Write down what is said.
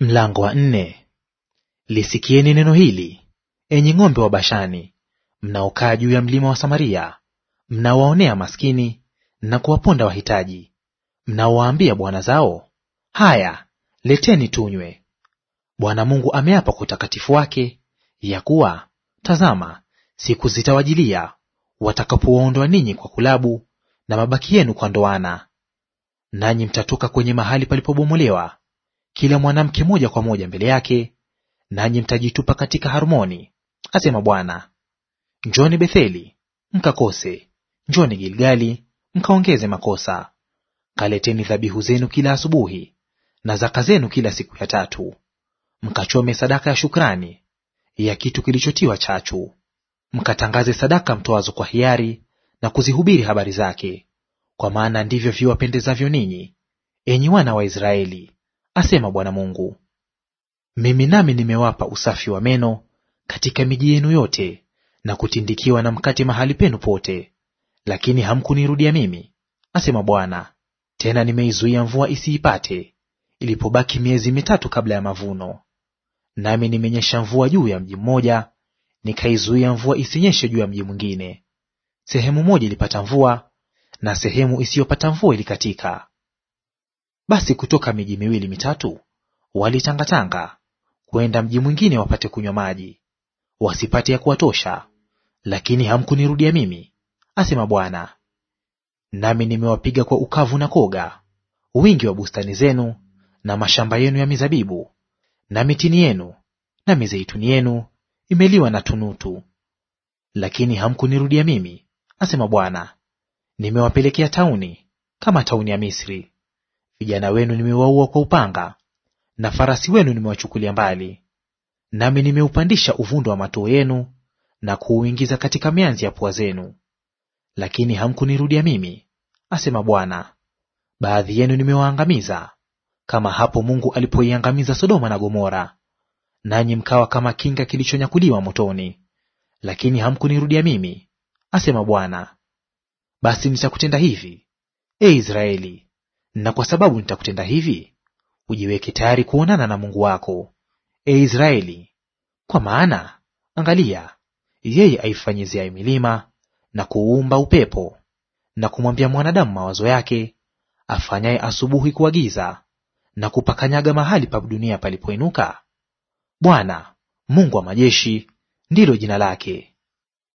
Mlango wa nne. Lisikieni neno hili, enyi ng'ombe wa Bashani, mnaokaa juu ya mlima wa Samaria, mnawaonea maskini na kuwaponda wahitaji, mnaowaambia bwana zao, haya leteni tunywe. Bwana Mungu ameapa kwa utakatifu wake ya kuwa, tazama, siku zitawajilia watakapowaondoa ninyi kwa kulabu na mabaki yenu kwa ndoana, nanyi mtatoka kwenye mahali palipobomolewa kila mwanamke moja kwa moja mbele yake, nanyi mtajitupa katika Harmoni, asema Bwana. Njoni Betheli mkakose, njoni Gilgali mkaongeze makosa. Kaleteni dhabihu zenu kila asubuhi na zaka zenu kila siku ya tatu, mkachome sadaka ya shukrani ya kitu kilichotiwa chachu, mkatangaze sadaka mtoazo kwa hiari na kuzihubiri habari zake, kwa maana ndivyo viwapendezavyo ninyi, enyi wana wa Israeli asema Bwana Mungu. Mimi nami nimewapa usafi wa meno katika miji yenu yote, na kutindikiwa na mkate mahali penu pote, lakini hamkunirudia mimi, asema Bwana. Tena nimeizuia mvua isiipate ilipobaki miezi mitatu kabla ya mavuno. Nami nimenyesha mvua juu ya mji mmoja, nikaizuia mvua isinyeshe juu ya mji mwingine. Sehemu moja ilipata mvua na sehemu isiyopata mvua ilikatika. Basi kutoka miji miwili mitatu walitangatanga kwenda mji mwingine wapate kunywa maji, wasipate ya kuwatosha; lakini hamkunirudia mimi, asema Bwana. Nami nimewapiga kwa ukavu na koga, wingi wa bustani zenu na mashamba yenu ya mizabibu, na mitini yenu na mizeituni yenu imeliwa na tunutu. Lakini hamkunirudia mimi, asema Bwana. Nimewapelekea tauni kama tauni ya Misri, Vijana wenu nimewaua kwa upanga, na farasi wenu nimewachukulia mbali. Nami nimeupandisha uvundo wa matoo yenu na kuuingiza katika mianzi ya pua zenu, lakini hamkunirudia mimi, asema Bwana. Baadhi yenu nimewaangamiza kama hapo Mungu alipoiangamiza Sodoma na Gomora, nanyi mkawa kama kinga kilichonyakuliwa motoni, lakini hamkunirudia mimi, asema Bwana. Basi nitakutenda hivi, e Israeli, na kwa sababu nitakutenda hivi, ujiweke tayari kuonana na Mungu wako, e Israeli, kwa maana angalia, yeye aifanyiziaye milima na kuumba upepo na kumwambia mwanadamu mawazo yake, afanyaye asubuhi kuwa giza na kupakanyaga mahali pa dunia palipoinuka, Bwana Mungu wa majeshi ndilo jina lake.